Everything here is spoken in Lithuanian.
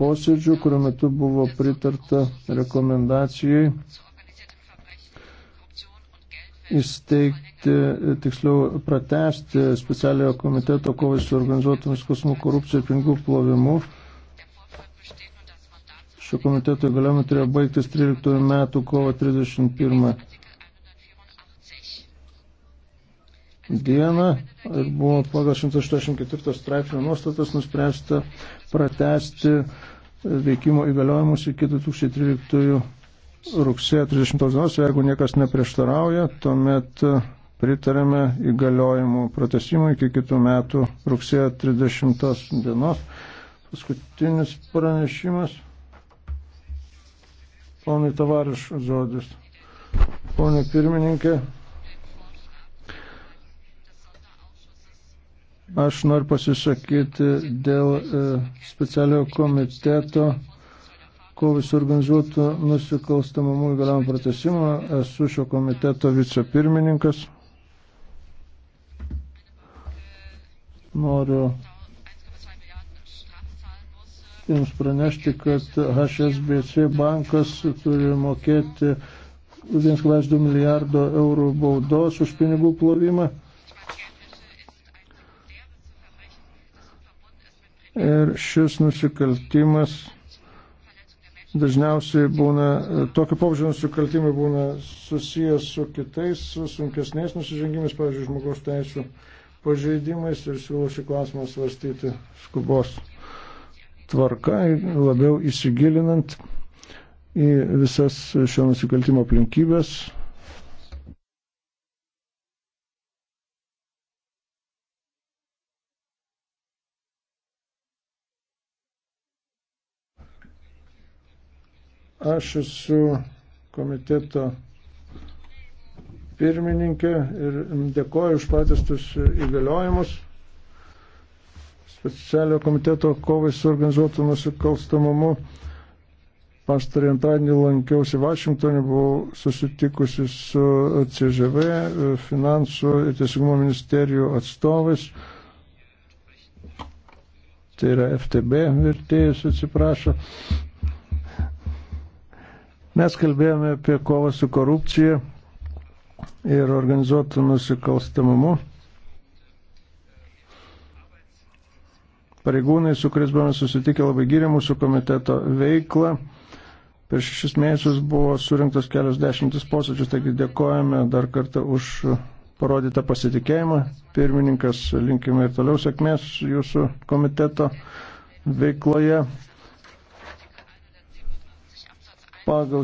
posėdžių, kuriuo metu buvo pritarta rekomendacijai įsteigti, tiksliau pratesti specialiojo komiteto kovai su organizuotų nusikalstamų korupcijų ir pinigų plovimu. Šio komiteto įgaliojimai turėjo baigtis 13 metų kovo 31 dieną ir buvo pagal 184 straipsnio nuostatas nuspręsta pratesti veikimo įgaliojimus iki 2013 rugsėjo 30 dienos, jeigu niekas neprieštarauja, tuomet pritarėme įgaliojimų pratesimui iki kitų metų rugsėjo 30 dienos. Paskutinis pranešimas. Ponai Tavariš žodis. Pone pirmininkė, Aš noriu pasisakyti dėl e, specialiojo komiteto kovai su organizuotu nusikalstamumu įgaliam pratesimu. Esu šio komiteto vicepirmininkas. Noriu jums pranešti, kad HSBC bankas turi mokėti 1,2 milijardo eurų baudos už pinigų plovimą. Ir šis nusikaltimas dažniausiai būna, tokio pobūdžio nusikaltimai būna susijęs su kitais su sunkesniais nusižengimais, pavyzdžiui, žmogaus teisų pažeidimais ir siūlau šį klausimą svarstyti skubos tvarka, labiau įsigilinant į visas šio nusikaltimo aplinkybės, Aš esu komiteto pirmininkė ir dėkoju už patestus įgaliojimus specialio komiteto kovai su organizuotu nusikalstamumu. Pastarį antradienį lankiausi Vašingtonė, buvau susitikusi su CŽV, finansų ir teisingumo ministerijų atstovais. Tai yra FTB vertėjas, atsiprašau. Mes kalbėjome apie kovą su korupcija ir organizuotų nusikalstamumu. Pareigūnai, su kuriais buvome susitikę, labai gyrė mūsų komiteto veiklą. Per šešis mėnesius buvo surinktos kelios dešimtis posėdžius, taigi dėkojame dar kartą už parodytą pasitikėjimą. Pirmininkas, linkime ir toliau sėkmės jūsų komiteto veikloje. Pagal